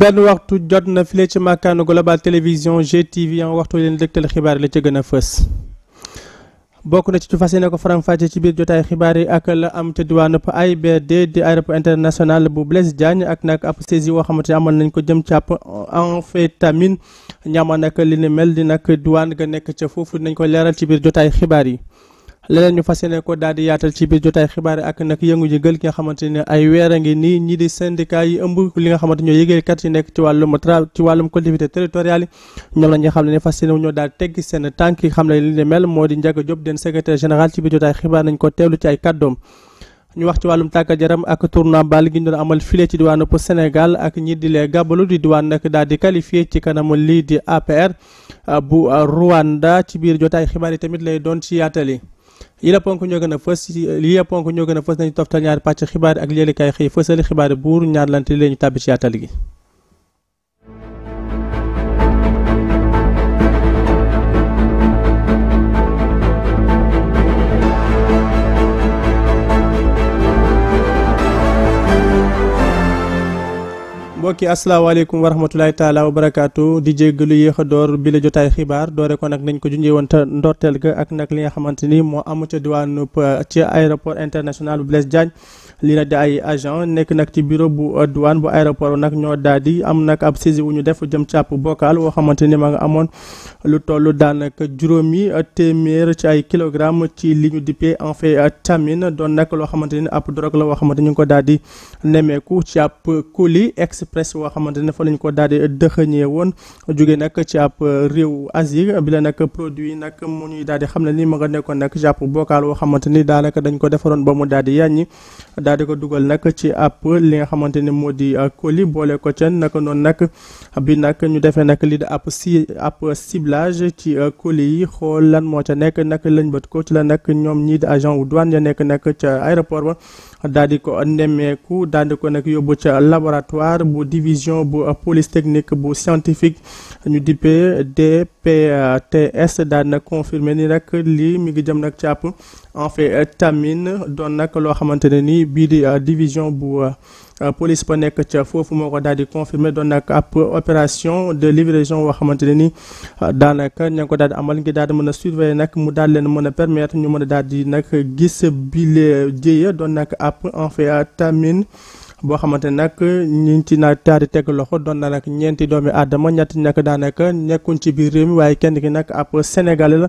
benn waxtu jot na file ci makkaanu global télévision GTV am ah, waxtu leen dëgtal xibaar la ca gën a fës bokk na ci fas yéene ko faram-fàcce ci biir jotaay xibaar yi ak la am ca diwaanu AIBD di aéroport international bu Blaise Diagne ak nag ab saisie woo xamante ne amoon nañ ko jëm ci ab amphétamine ñaamoon nag li ni mel di nag diwaan ga nekk ca foofu dinañ ko leeral ci biir jotaay xibaar yi. leneen ñu fas yéene ko daal di yaatal ci biir jotaay xibaar ak nag yëngu yëgal ki nga xamante ne ay weer a ngi nii ñi di syndicat yi ëmb li nga xamante ñoo yëgeelkat yi nekk ci wàllum tra ci wàllum collectivité territoriale yi ñoom la ñu xam ne ne fas yéene ñoo daal teggi seen tànk yi xam ne li ne mel moo di Ndiaga Diop den secrétaire général ci biir jotaay xibaar nañ ko teewlu ci ay kàddoom ñu wax ci wàllum tàggat jaram ak tournoi bal gi ñu doon amal file ci diwaanu Sénégal ak ñi di lee diwaan nag daal di qualifié ci kanamu lii di APR bu Rwanda ci biir jotaay xibaar yi tamit lay doon ci yaatal yi la ñoo gën a fës li la ponk ñoo gën a fës nañu toftal ñaari pàcc xibaar ak léeg-léeg kay xëy fësali xibaar buur ñaar lante leen ñu tàbbi ci yaatal gi mbokki asalaamaaleykum wa rahmatulahi taala wa barakaatu di jéggalu lu a door bi la jotaay xibaar doore ko nag nañ ko junjee woon te ndorteel ga ak nag li nga xamante ni moo amu ca diwaanu uh, ci aéroport international bu Blaise Diagne li nag di ay agent nekk nag ci bureau bu uh, douane bu aéroport nag ñoo daal di am nag ab saisi wu ñu def jëm càpp bocal woo xamante ni ma nga amoon lu tollu daanaka juróom juróomi uh, téeméer ci ay kilogramme ci li ñu dippee en fait tamine doon nag loo xamante ni ab drogue la woo xamante ni ko daal di nemmeeku ci ab colis express presse woo xamante fa lañ ko daal di dëxëñee woon jóge nag ci ab euh, réew Asie bi la nag produit nag mu ñuy daal di xam ne ni ma nekkoon nag jàpp bocal woo xamante ni daanaka dañ ko defaroon ba mu daal di yàññi daal di ko dugal nag ci ab li nga xamante ni moo di euh, colis boole ko cen naka noonu nag bi nag ñu defee nag lii di ab si ab ciblage ci euh, colis yi xool lan moo ca nekk nag lañ bët ko ci la nag ñoom ñii di agent wu douane ya nekk nag ca aéroport ba daal ko nemmeeku daal ko nag yóbbu ca laboratoire bu division bu police technique bu scientifique ñu dippee DPTS daan na confirmer ni rek li mi ngi jëm nag en fait tamine don nak lo xamantene ni bi di euh, division bu euh, police ba nek ca fofu moko ko di confirmer don nak ab opération de livraison wo xamantene ni euh, daanaka ña ngi ko amal ngi daal di surveiller nak mu daal leen mën permettre ñu mën a daal di nag gis bile jéeya doon en fait tamine boo xamante nag ñu ci taari teg loxo doon na nag ñeenti doomi aadama ñett nag daanaka nekkuñ ci biir réew mi waaye kenn ki nag ab sénégalais la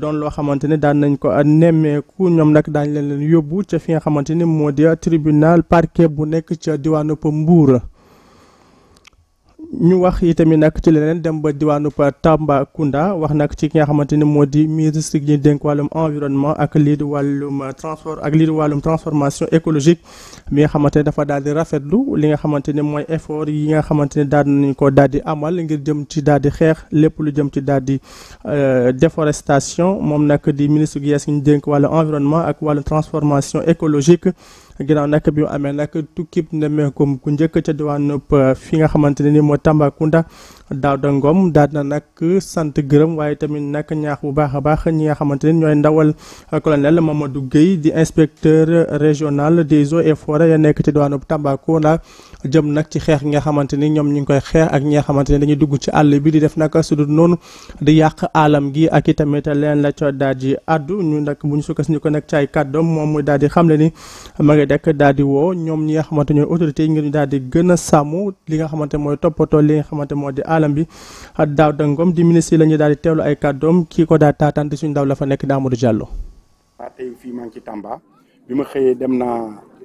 doon loo xamante ne daan nañ ko nemmeeku ñoom nag daañ leen leen yóbbu ca fi nga xamante ni moo di tribunal parquet bu nekk ca diwaanu Mbuur ñu wax itamit nag ci leneen dem ba diwaanu diwaanub Tambacounda wax nag ci ki nga xamante ni moo di ministre gi dénk wàllum environnement ak lii di wàllum ak lii wàllum transformation écologique mi nga xamante ne dafa daal di rafetlu li nga xamante ne mooy effort yi nga xamante ne daal nañu ko daal di amal ngir jëm ci daal di xeex lépp lu jëm ci daal di euh, déforestation moom nag di ministre gi yees ñu dénk wàllu environnement ak wàllum transformation écologique ginnaaw nag bi mu amee nag tukkib nemmeekum ku njëkk ca nopp fi nga xamante ne ni moo Tambacounda da Ngom daal na nag sant gërëm waaye tamit nag ñaax bu baax a baax ñi nga xamante ne ñooy ndawal colonel Mamadou Guèye di inspecteur régional des eaux et forêts nekk ci diwaanub Tambacounda jëm nag ci xeex nga xamante ni ñoom ñu ngi koy xeex ak ñi nga xamante ne dañuy dugg ci àll bi di def nag su noonu di yàq alam gi ak itamit leen la ca daal di addu ñu nag bu ñu sukkas ñu ko nag ci ay kàddoom moom muy daal di xamle ni ma rek daldi wo ñom ñi nga xamante ñooy autorité yi ngir ñu daal di gën li nga xamante moy topoto li nga xamante moo di alam bi Daouda Ngom di ministre yi la ñuy daal di ay kàddoom kii ko daal taataan suñu daw la fa nek di Amadou Diallo. tay fi ma ci Tamba bima ma dem na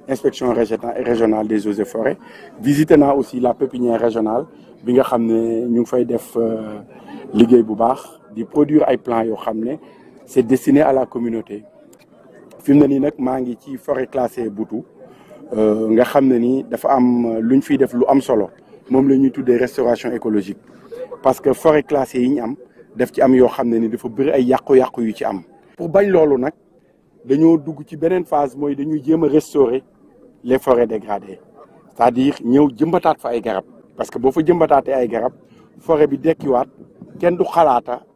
inspection régionale des eaux et forêts visité naa aussi la pépinière régionale bi nga xamné ñu fay def euh, liggéey bu baax di produire ay plans yo xamné c'est destiné à la communauté fi ni nak nii ci forêt classée euh nga xamné ni dafa am euh, lu ñu fiy def lu am solo mom lañuy ñuy restauration écologique parce que forêt classée yi ñu am daf ci am yo xamné ni dafa bëri ay yaqku yaqku yu ci am. pour bañ lolu nak dañoo dugg ci benen phase moy dañuy jéem restaurer les forêts dégradées c'est-à-dire ñëw jëmbataat fa ay garab parce que bo fa jëmbataaté ay garab forêt bi waat kenn du xalaata.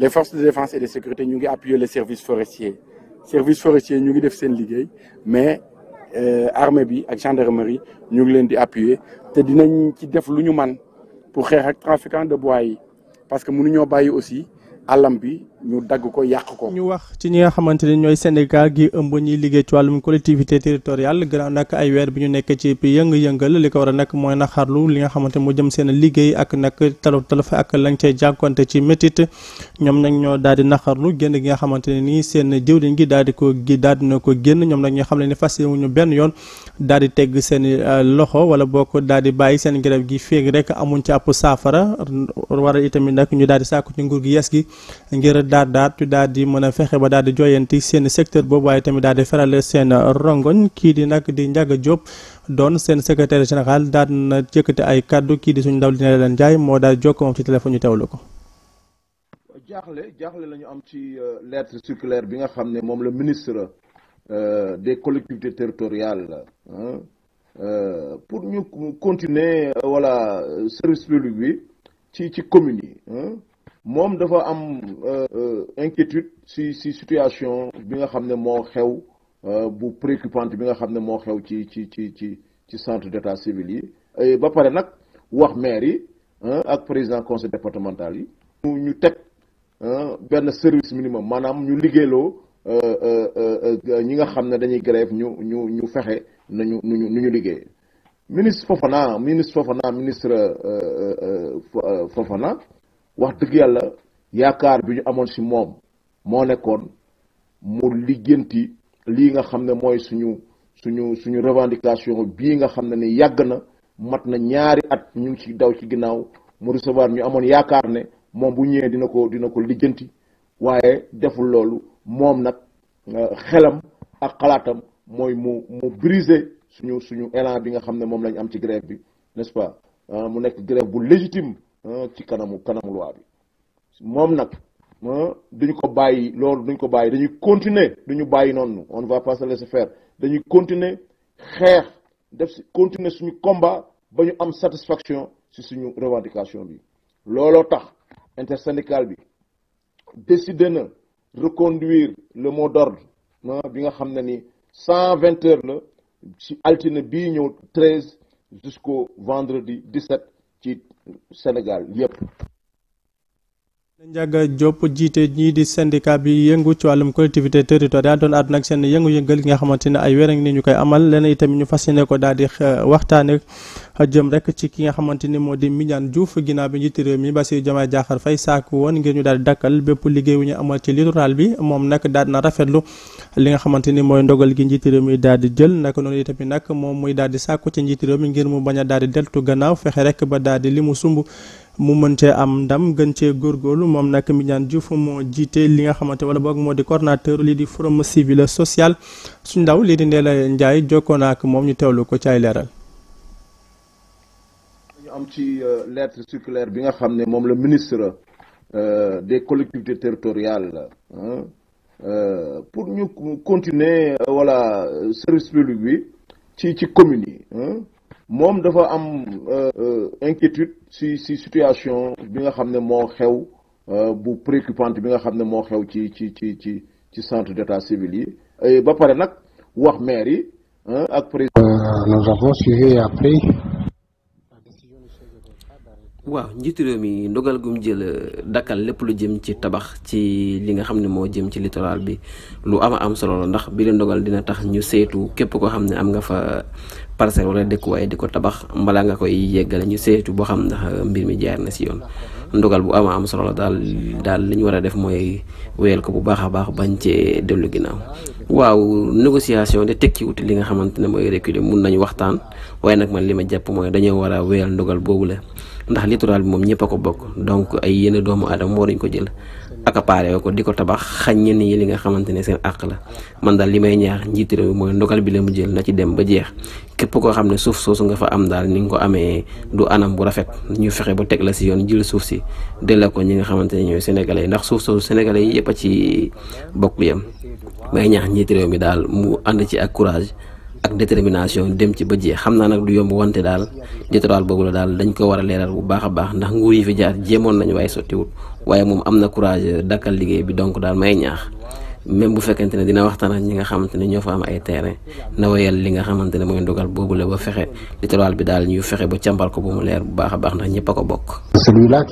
les forces de défense et de sécurité ñu ngi les services forestiers Les services forestiers ñu ngi def ligue, mais euh, armée et la gendarmerie ñu ngi appuyé. di appuyer te dinañ ci def nous man pour les trafiquants de bois parce que mënuñoo bàyyi aussi alam bi ñu dagg ko yàq ko. ñu wax ci ñi nga xamante ni ñooy Sénégal gi ëmb ñuy liggéey ci wàllum collectivité territoriale gannaaw nak ay weer bi ñu nekk ci yëng-yëngal li ko war a nag mooy naxarlu li nga xamante mu jëm seen liggéey ak nag talof talof ak lañ cay jànkonte ci métit ñoom nag ñoo daal di naxarlu génn gi nga xamante ne nii seen jëwriñ gi daal di ko gi daal di na ko génn ñoom nag ñoo xam ne ni fas yéene ñu benn yoon daal di tegg seen euh, loxo wala boo ko daal di bàyyi seen grève gi féeg rek amuñ ci àpp saafara waral itamit nag ñu daal di sàkku ci nguur gi yes gi ngir daal daat daal di mën a fexe ba daal di joyanti seen secteur boobu waaye tamit daal di feral seen rongoñ kii di nag di Ndiaga Diop doon seen secretaire général daal na jëkkati ay kàddu kii di suñ ndaw dina leen jaay moo daal jokk moom ci téléphone ñu teewlu ko. jaaxle jaaxle la ñu am ci euh, lettre circulaire bi nga xam ne moom la ministre euh, des collectivités territoriales euh, pour ñu continuer wala service public bi ci ci commune yi. mom dafa am euh, euh, inquiétude si si situation bi nga xamné mo moo xew euh, bu préoccupante bi nga xamné mo xew ci ci ci ci ci centre d'état civil yi ba paré nak wax maire yi hein ak président conseil départemental yi ñu hein ben service minimum manam ñu liggélo euh euh euh ñi nga xamné dañuy grève ñu ñu ñu fexé nañu nuñu nu ñu liggé ministre Fofana ministre Fofana ministre euh Fofana wax dëgg yàlla yaakaar bi ñu amoon si moom moo nekkoon mu liggéenti lii nga xam ne mooy suñu suñu suñu revendication bii nga xam ne ni yàgg na mat na ñaari at ñu ngi ci daw ci ginnaaw mu recevoir ñu amoon yaakaar ne moom bu ñëwee dina ko dina ko liggéenti waaye deful loolu moom nag euh, xelam ak xalaatam mooy mu mu briser suñu suñu élan bi nga xam ne moom lañu am ci grève bi n'est-ce pas euh, mu nekk grève bu légitime Ah, ci kanamu kanamu loi bi moom nag ah, duñ ko bayyi loolu duñ ko bayyi dañuy continuer duñu bayyi noonu on va pas se laisser faire dañuy continuer xex def continuer suñu combat bañu am satisfaction ci suñu revendication bi looloo tax intersyndical bi décidé na reconduire le mot d'ordre ah, bi nga xamné ni 120 heures la ci altine bi 13 jusqu'au vendredi 17. ci Sénégal yëpp Ndiaga Diop jiite ñii di syndicat bi yëngu ci wàllum collectivité territoriale doon àdduna ak seen yëngu-yëngal nga xamante ne ay weer ni ñu koy amal leneen itam ñu fas yéene ko daal di eh, waxtaane jëm rek ci ki nga xamante ni moo di Mignane Diouf ginnaaw bi njiitu réew mi Bassirou Diomaye Diakhar fay saaku woon ngir ñu daal di dakkal bépp liggéey wu ñu amal ci littoral bi moom nag daal dina rafetlu li nga xamante ni mooy ndogal gi njiitu réew mi daal di jël naka noonu itamit nag moom muy daal di sàkku ci njiitu réew mi ngir mu bañ a daal di deltu gannaaw fexe rek ba daal di li mu sumb mu mën cee am ndam gën gorgolu mom nak mi ñaan juuf mo jité li nga xamanté wala bok moo di coordonnateur di forum civil social suñ ndaw li di ndé la ndjay joko nak mom ñu tewlu ko ci ay ñu am ci euh, lettre circulaire bi nga xamné mom le ministre euh, des collectivités territoriales. Euh, pour ñu continuer euh, voilà service public bi ci ci commune mom dafa am euh, euh inquiétude si si situation bi nga xamné mo moo xew euh, bu préoccupante bi nga xamné mo xew ci ci ci ci ci centre d'état civil yi ba paré nak wax maire yi hein ak président. Euh, nous avons suivi après. waaw njiitu réew mi ndogal gu jël euh, dakkal lépp lu jëm ci tabax ci li nga xam ne moo jëm ci littoral bi lu ama am solo la ndax bi leen ndogal dina tax ñu saytu képp koo xam ne am nga fa parcelle wala waaye di ko tabax mbala nga koy yeggale ñu seetu boo xam ndax euh, mbir mi jaar na si yoon ndogal bu ama am solo la daal daal li ñu war a def mooy weyal ko bu baax a baax bañ cee dellu ginnaaw waaw négociation de tekkiwut li nga xamante ne mooy reculer mun nañu waxtaan waaye nag man lima ma jàpp mooy dañoo war a wéyal ndogal boobu la ndax littoral mom moom ñëpp a ko bokk donc ay yenn doomu adam waruñ ko jël accaparé ko di ko tabax xañ ñenn yi li nga xamante seen àq la man daal li ñaax njiit bi mu jël na ci dem ba jeex képp ne suuf soosu nga fa am dal ni nga ko amee du anam bu rafet ñu bo ba teg la si yoon jël suuf si delloo ko ñi nga xamante ne sénégalais ndax suuf soosu sénégalais yi ci bokk yam may ñaax njiit réew mi daal mu ànd ci ak courage ak détermination dem ci ba jeex xam naa nag du yomb wante daal littoral boobu la daal dañ ko war a leeral bu baax a baax ndax nguur yi fi jaar jéemoon nañu waaye sottiwul waaye moom am na courage dakkal liggéey bi donc daal may ñaax même bu fekkente ne dina waxtaan ak ñi nga xamante ne ñoo fa am ay terrain na wayal li nga xamante ne mooy ndogal boobu la ba fexe littoral bi daal ñu fexe ba càmbal ko bu mu leer bu baax baax ndax ñëpp a ko bokk. celui a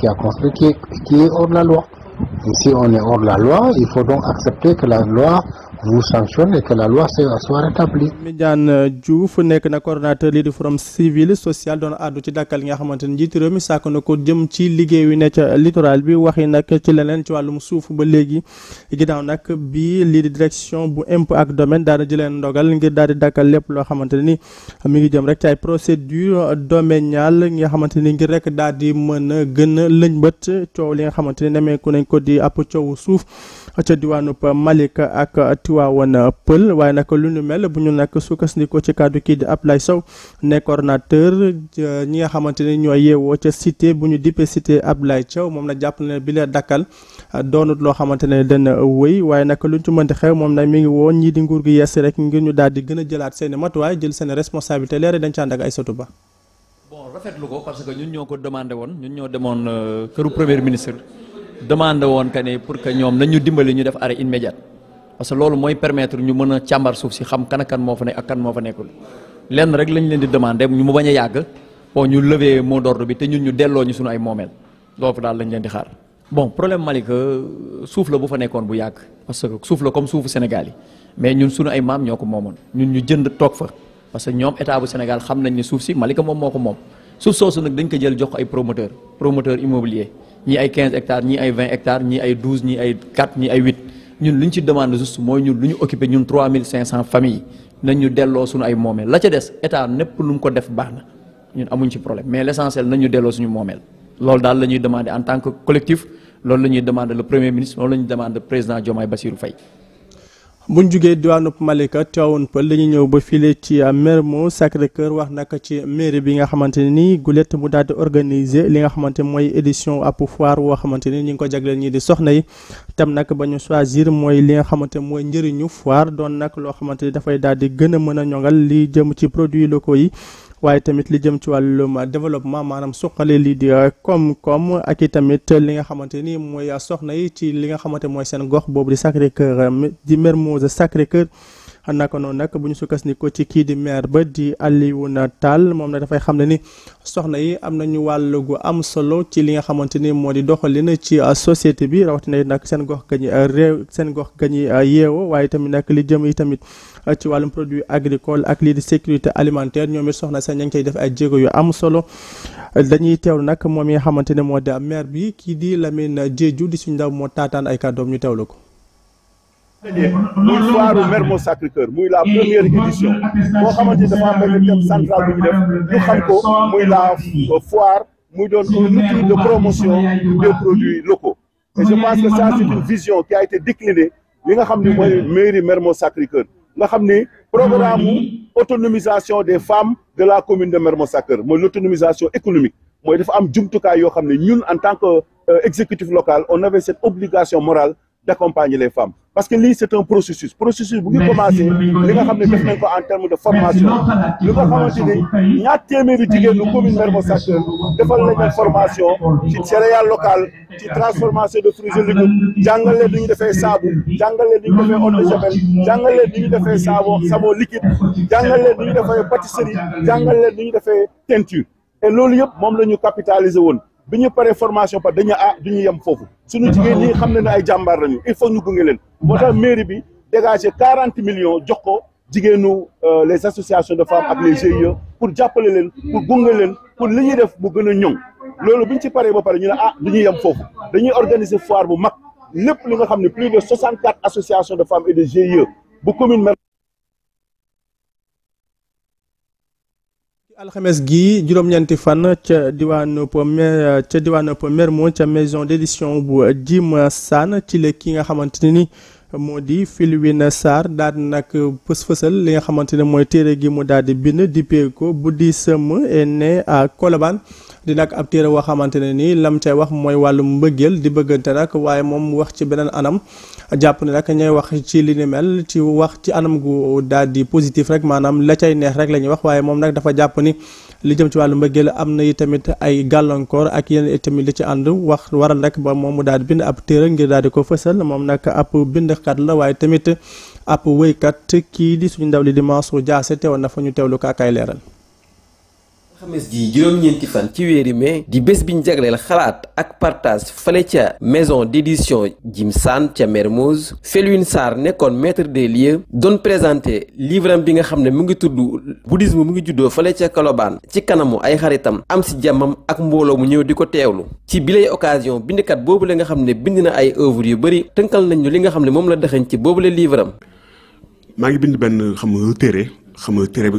si on est hors de la loi, il faut donc accepter que la loi vous sanctionne que la loi soit rétablie. Médiane euh, Diouf nek na coordinateur lii di forum civil social don àddu ci dàkkal nga xamanteni ni njiitu réew mi sàkk na ko jëm ci liggéey wi ne ca littoral bi waxi nak ci leneen ci walum souf ba léegi ginnaaw nak bi li direction bu imp ak domaine daal di jëleen ndogal ngir dal di dàkkal lepp lo xamanteni mi ngi dem rek ci ay procédure domaniale nga xamanteni ngir rek dal di meuna a leñ a ciow li nga xamanteni ni ku nañ ko di ab ciow souf ca diwaanu Malick ak Tivaouane Peulh waaye nag lu nu mel bu ñu nag sukkandikoo ci kàddu kii di Ablaye Sow ne coordonnateur ñi nga xamante ne ñoo yeewoo ca cité bu ñu dippee cité Ablaye Thiaw moom nag jàpp na ne bi lee dakkal doonut loo xamante ne dana wéy waaye nag luñ ci mënti xew moom nag mi ngi woon ñii di nguur gi yees rek ngir ñu daal di gën a jëlaat seen i matuwaay jël seen responsabilité leer dañ ci ànd ak ay sotu ba bon rafetlu ko parce que ñun ñoo ko demandé woon ñun ñoo demoon euh, këru premier ministre demandé woon que ne pour que ñoom nañu dimbali ñu def arrêt immédiat parce que loolu mooy permettre ñu mën a càmbar suuf si xam kan moo fa kan moo fa nekkul lenn rek lañ leen di demandé ñu mu bañ a yàgg bon ñu lever mot d'ordre bi te ñun ñu delloo ñu suñu ay moomeel loolu daal lañ leen di xaar. bon problème Malika suuf la bu fa nekkoon bu yàgg parce que suuf la comme suufu Sénégal yi mais ñun suñu ay maam ñoo ko moomoon ñun ñu jënd toog fa parce que ñoom état bu Sénégal xam nañ ne suuf si Malika moom moo ko moom suuf soosu nag dañ ko jël jox ay promoteur promoteur immobilier Ni ay 15 hectares ni ay 20 hectares ni ay 12 ni ay 4 ni ay 8 Nous demandons ci demande juste moy ñun luñu occuper ñun 3500 familles Nous ñu suñu ay momel la ci des état nepp lu ko def baxna ñun amuñ problème mais l'essentiel, nous nañ suñu momel lool dal lañuy demander en tant que collectif nous lañuy demander le premier ministre lool lañuy demander le président Diomaye Bassirou Faye. bu buñ jugee diwaanub Malika Tivaouane Peulh dañu ñëw ba file ci ah, Mermoz Sacré-Cœur wax nag ci mairie bi nga xamante ne nii gulet mu daal di organiser li nga xamante mooy édition ab foire woo xamante ni ñu ngi ko jagleel ñii di soxna yi tam nag ba ñu choisir mooy li nga xamante mooy njëriñu foire doon nag loo xamante ni dafay daal di gën a mën a ñoŋal li jëm ci produit locaux yi waaye tamit li jëm ci wàllu wàllum développement maanaam suqale lii di euh, koom-koom ak i tamit li nga xamante ni mooy soxna yi ci li nga xamante mooy seen gox boobu di Sacré-Cœur euh, di Mermoz Sacré-Cœur naka noonu nag bu ñu sukkandiku ci kii di maire ba di Alioune taal moom nag dafay xam ne ni soxna yi am nañu wàll gu am solo ci li nga xamante ni moo di doxalin ci euh, société bi rawatina nag seen gox gañi euh, seen gox gañi euh, yeewoo waaye tamit nag li jëm yi tamit ci wàllum produit agricole ak lii di sécurité alimentaire ñoom it soxna sa ña def ay jéego yu am solo dañuy teewlu nag moom yi nga xamante ne moo di maire bi kii di lamin Diédhiou di suñ ndaw moo taataan ay kàddoom ñu teewlu ko muy foire Mermo Sacré-Cœur la première édition boo xamante ni dafa am thème central ko la foire un outil de promotion des produits locaux et je pense que ça c'est une vision qui a été déclinée li nga xam ni mooy mairie Mermo Sacré-Cœur nga xam programme autonomisation des femmes de la commune de Mermo Sacré-Cœur l'autonomisation économique Nous dafa am que nous, ñun en tant qu'exécutif euh, local on avait cette obligation morale d'accompagner les femmes parce que lii c'est un processus processus bu ngi commencé li nga xam ne def nañ ko en terme de formation li nga xamante ni ñaar téeméeri jigéen ñu commune Mermoz Sacré defal nañ leen formation ci céréales locales ci transformation de fruits et légumes jàngal les ni de defee saabu jàngal leen ni ñu defee eau de javel jàngal leen ni ñu liquide jàngal les ni de defee pâtisserie jàngal les ni de defee teinture et loolu yëpp moom la capitaliser woon bi ñu paree formation par dañu ah du ñu yem foofu suñu jigéen ñi xam ne ne ay jàmbaar lañu il faut ñu gunge leen moo tax mairie bi dégagé quarante millions jox ko jigéenu euh, les associations de femmes ak les GIE pour jàppale leen pour gunge leen pour li ñuy def mu gën a ñoŋ loolu bi ñu ci paree ba pare ñu ne ah du ñu yem foofu dañuy organiser foire bu mag lépp li nga xam ne plus de soixante quatre associations de femmes et de GIE bu commune alxames gi juróom-ñeenti fan ca diwaanu Mer ca diwaanu Mermoz ca maison d'édition bu Jim Sane ci la ki nga xamante ne ni moo di Felwine Sarr daal di nag fës-fësal li nga xamante ne mooy téere gi mu daal di bind dippee ko bu di sëmm et né à di nag ab téere woo xamante ne nii lam cay wax mooy wàllu mbëggeel di bëggante nag waaye moom wax ci beneen anam jàpp ne nag ñooy wax ci li ni mel ci wax ci anam gu daal di positif rek maanaam la cay neex rek la ñuy wax waaye moom nag dafa jàpp ni li jëm ci wàllu mbëggeel am na tamit ay gàllankoor ak yeneen itamit li ci ànd wax waral nag ba moom mu daal di bind ab téere ngir daal di ko fësal moom nag ab bindkat la waaye tamit ab wéykat kii di suñu ndaw li di Mansour Diassé teewoon na fa ñu teewlu kaakaay leeral xames ji juróom-ñeenti fan ci weeri mais di bés biñ jagleel xalaat ak partage fale ca maison d'édition Jim San ca Mermoz Felwine Sarr nekkoon maître de lieux doon présenté livram bi nga xam ne mu ngi tudd bouddhisme mu ngi juddoo fale ca kalobaan ci kanamu ay xaritam am si jàmmam ak mbooloo mu ñëw di ko teewlu ci bilay occasion bindkat boobu la nga xam ne bind na ay œuvre yu bëri tënkal nañu li nga xam ne moom la dëxañ ci boobule livram maa ngi bind benn xam nga téere xam nga bi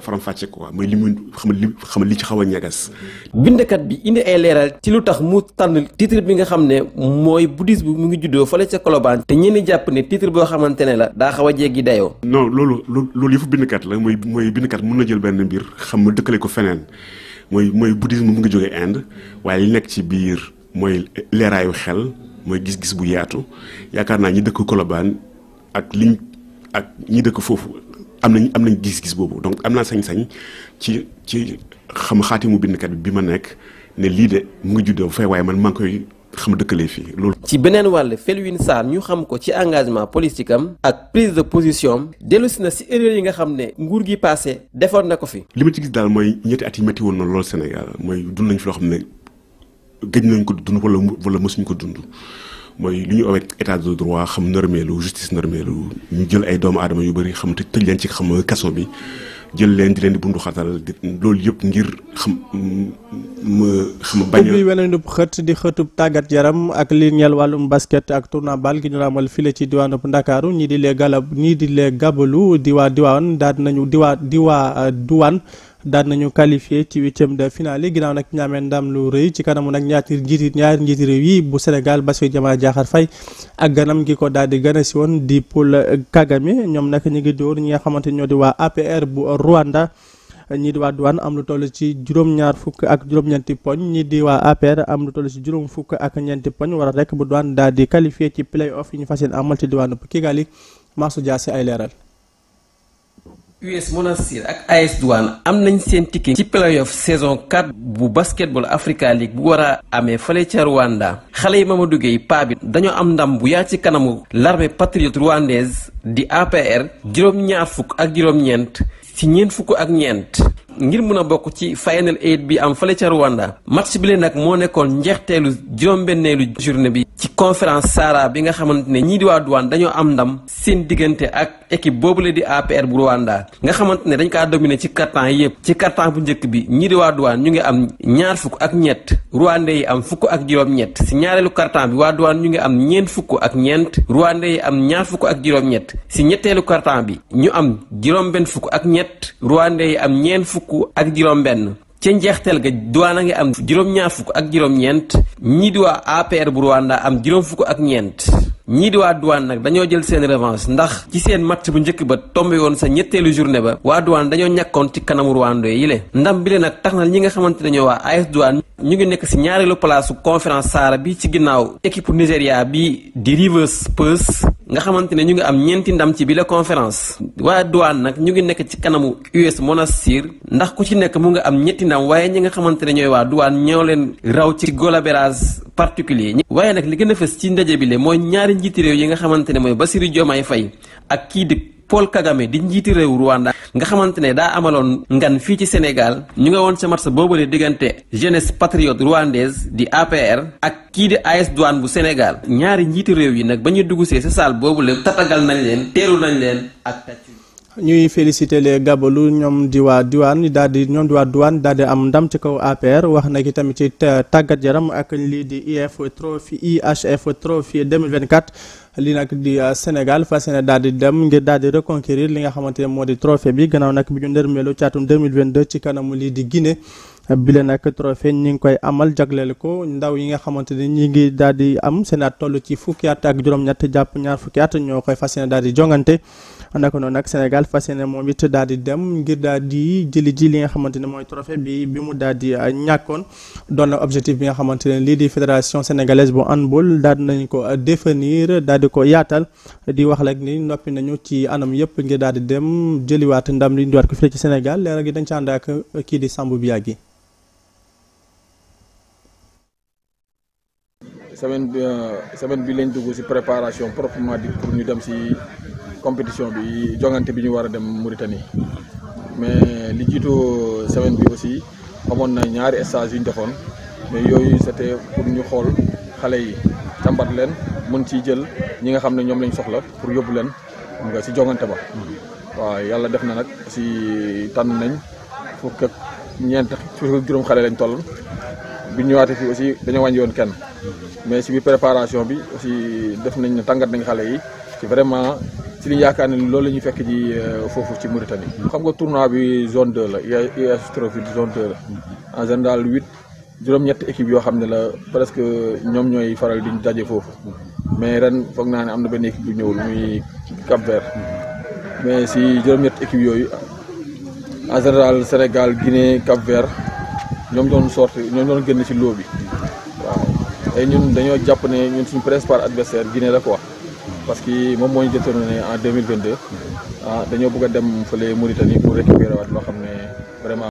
faram-fàcce quoi mooy li mu xamal li xamal li ci xaw a ñagas. bindekat bi indi ay leeral ci lu tax mu tànn titre bi nga xam ne mooy bouddhisme bi mu ngi juddoo fële ca Colobane te ni jàpp ne titre boo xamante ne la daa xaw a jéggi dayoo. non loolu loolu yëfu bindkat la mooy mooy bindkat mun na jël benn mbir xam ma dëkkale ko feneen mooy mooy bouddhisme mu ngi jógee Inde waaye li nekk ci biir mooy leeraayu xel mooy gis-gis bu yaatu yaakaar naa ñi dëkk Colobane ak liñ ak ñi dëkk foofu. am nañ am nañ gis-gis boobu donc am na sañ-sañ ci ci xam mu bindkat bi bi ma nekk ne lii de mu ngi juddoo fay waaye man maa ngi koy xam dëkkalee fii loolu. ci beneen wàll Felwine Sarr ñu xam ko ci engagement politique am ak prise de position am dellusi na si erreur yi nga xam ne nguur gi passé defoon na ko fi. li ma ci gis daal mooy ñetti at yi métti woon na lool Sénégal mooy dund nañ fi loo xam ne gëj nañ ko dund wala wala mësuñ ko dund. mooy li ñu owee état de droit xam normeelu justice normeelu ñu jël ay doomu aadama yu bëri xam te tëj leen ci xam kaso bi jël leen di leen di bundu xatal loolu yëpp ngir xam ma xam bañ a xët di xëtub tàggat yaram ak li ñeel wàllum basket ak tournoi bal gi ñu amal file ci bu Ndakaaru ñii di lee galab ñii di lee gabalu diwaa diwaan daal nañu diwaa diwaa euh, duwaan daan nañu qualifié ci huitième de finale yi ginnaaw nag ñu ndam lu rëy ci kanamu nag ñaari njiiti ñaari njiiti réew yi bu Sénégal Bassirou Diomaye Diakhar fay ak ganam gi ko daal di gane si woon di Paul Kagame ñoom nag ñu ngi dóor ñi nga xamante ñoo di waa APR bu Rwanda ñii di waa douane am lu toll ci juróom-ñaar fukk ak juróom-ñeenti poñ ñii di waa APR am lu toll ci juróom fukk ak ñeenti poñ war a rek bu douane daal di qualifié ci play off yi ñu fas yéene amal ci diwaanu Kigali Massou Dia si ay leeral US Monastir ak AS Douane am nañ seen ticket ci playoff saison 4 bu basketball Africa League bu war a amee fale ca Rwanda xale yi ma ma paa bi dañoo am ndam bu yaa ci kanamu l'armée patriote rwandaise di APR juróom-ñaar fukk ci ñeent fukk ak ñeent ngir mun a bokk ci final eight bi am fële ca Rwanda match bi leen nag moo nekkoon njeexteelu juróom-benneelu journée bi ci conférence Sahara bi nga xamante ne ñii di waa Douane dañoo am ndam seen diggante ak équipe boobule di APR bu Rwanda nga xamante ne dañ kaa dominer ci quatre temps yëpp ci quatre bu njëkk bi ñii di waa Douane ñu ngi am ñaar fukk ak ñett Rwandais yi am fukk ak juróom-ñett si ñaareelu quatre bi waa Douane ñu ngi am ñeent fukk ak ñeent Rwandais yi am ñaar fukk ak juróom-ñett si ñetteelu quatre bi ñu am juróom-benn fukk ak ñett Rwandais fukk ak juróom-benn ca njeexteel ga Douane nga am juróom-ñaar fukk ak juróom-ñeent ñi di waa APR bu Rwanda am juróom fukk ak ñeent. ñii di waa douane nag dañoo jël seen revanche ndax ci seen match bu njëkk ba tombé woon sa ñetteelu journée ba waa douane dañoo ñàkkoon ci kanamu Rwanda yi le ndam bi le nag tax na ñi xamante ne waa AS douane ñu ngi nekk si ñaareelu place conférence saara bi ci ginnaaw équipe Nigéria bi di Rivers Spurs nga xamante ne ñu ngi am ñeenti ndam ci bi la conférence waa douane nag ñu ngi nekk ci kanamu US Monastir ndax ku ci nekk mu nga am ñetti ndam waaye ñi nga xamante ne ñooy waa douane ñoo leen raw ci goal average particulier waaye nag li gën a fës ci ndaje bi le mooy ñaari njiiti réew yi nga xamante ne mooy Bassirou Diomaye fay ak kii di Paul Kagame di njiiti réew Rwanda nga xamante ne daa amaloon ngan fii ci Sénégal ñu nga woon ca match boobale diggante jeunesse patriote rwandaise di APR ak kii di AS Douane bu Sénégal ñaari njiiti réew yi nag ba ñu see sa saal boobule tatagal nañ leen teeru nañ leen ak tàccu ñuy félicité les gabalu ñoom di waa diwaan daal di ñoom di waa diwaan daal am ndam ci kaw APR wax na ki tamit ci tàggat yaram ak lii di IF trophy IHF trophy 2024 lii nag di euh, Sénégal fas yéene daal di dem ngir daal di li nga xamante ne moo di trophée bi gannaaw nag bi ñu ndërmeelu caatum 2022 ci kanamu lii di Guinée bile nag trophée ñi ngi koy amal jagleel ko ndaw yi nga xamante ni ñi ngi daal di am seen at toll ci fukki at ak juróom-ñett jàpp ñaar fukki at ñoo koy fas daal di jongante Anda ko nak senegal fas mom it dem ngir daldi jeli jëli ji li nga xamantene moy trophée bi bi mu daldi di don euh, na objectif bi nga xamantene li di fédération sénégalaise bu handball dal nañ ko euh, définir daldi ko yaatal di wax rek ni nopi nañu ci anam yépp ngir daldi dem jeli wat ndam li ndiwaat ko fi ci Sénégal leer gi dañ ci andak euh, ki di sambu Biagui semaine bi semaine bi lañ dugg ci préparation proprement dit pour ñu dem ci compétition bi jongante bi ñu war dem Mauritanie mais li jitu semaine bi aussi amon na ñaari stage yu defone mais yoyu c'était pour ñu xol xalé yi tambat len mën ci jël ñi nga xam ñom lañ soxla pour yobul len nga ci jongante ba wa yalla def na nak ci tan nañ fukk ak ñeent fukk ak juróom xale lañ toll bi ñu waté fi aussi dañu wañ woon kenn mais ci bi préparation bi aussi def nañ na tangat nañ xalé yi ci vraiment ci li yaakaar ni loolu la ñuy fekk ji euh, foofu ci Mauritanie. xam nga tournoi bi zone 2 la US Trophy zone 2 la en général huit juróom-ñetti équipe yoo xam ne la presque ñoom ñooy faral di daje foofu mais ren foog naa ne am na benn équipe bu ñëwul muy Cap Vert mais si juróom-ñetti équipe yooyu en général Sénégal Guinée Cap Vert ñoom doon sorti ñoom doon génn ci loo bi waaw tey ñun dañoo jàpp ne ñun suñu principal adversaire Guinée la quoi. parce que moom moo ñu détourné en 2022 ah dañoo bëgg a dem fële Mauritanie pour récupérer loo xam ne vraiment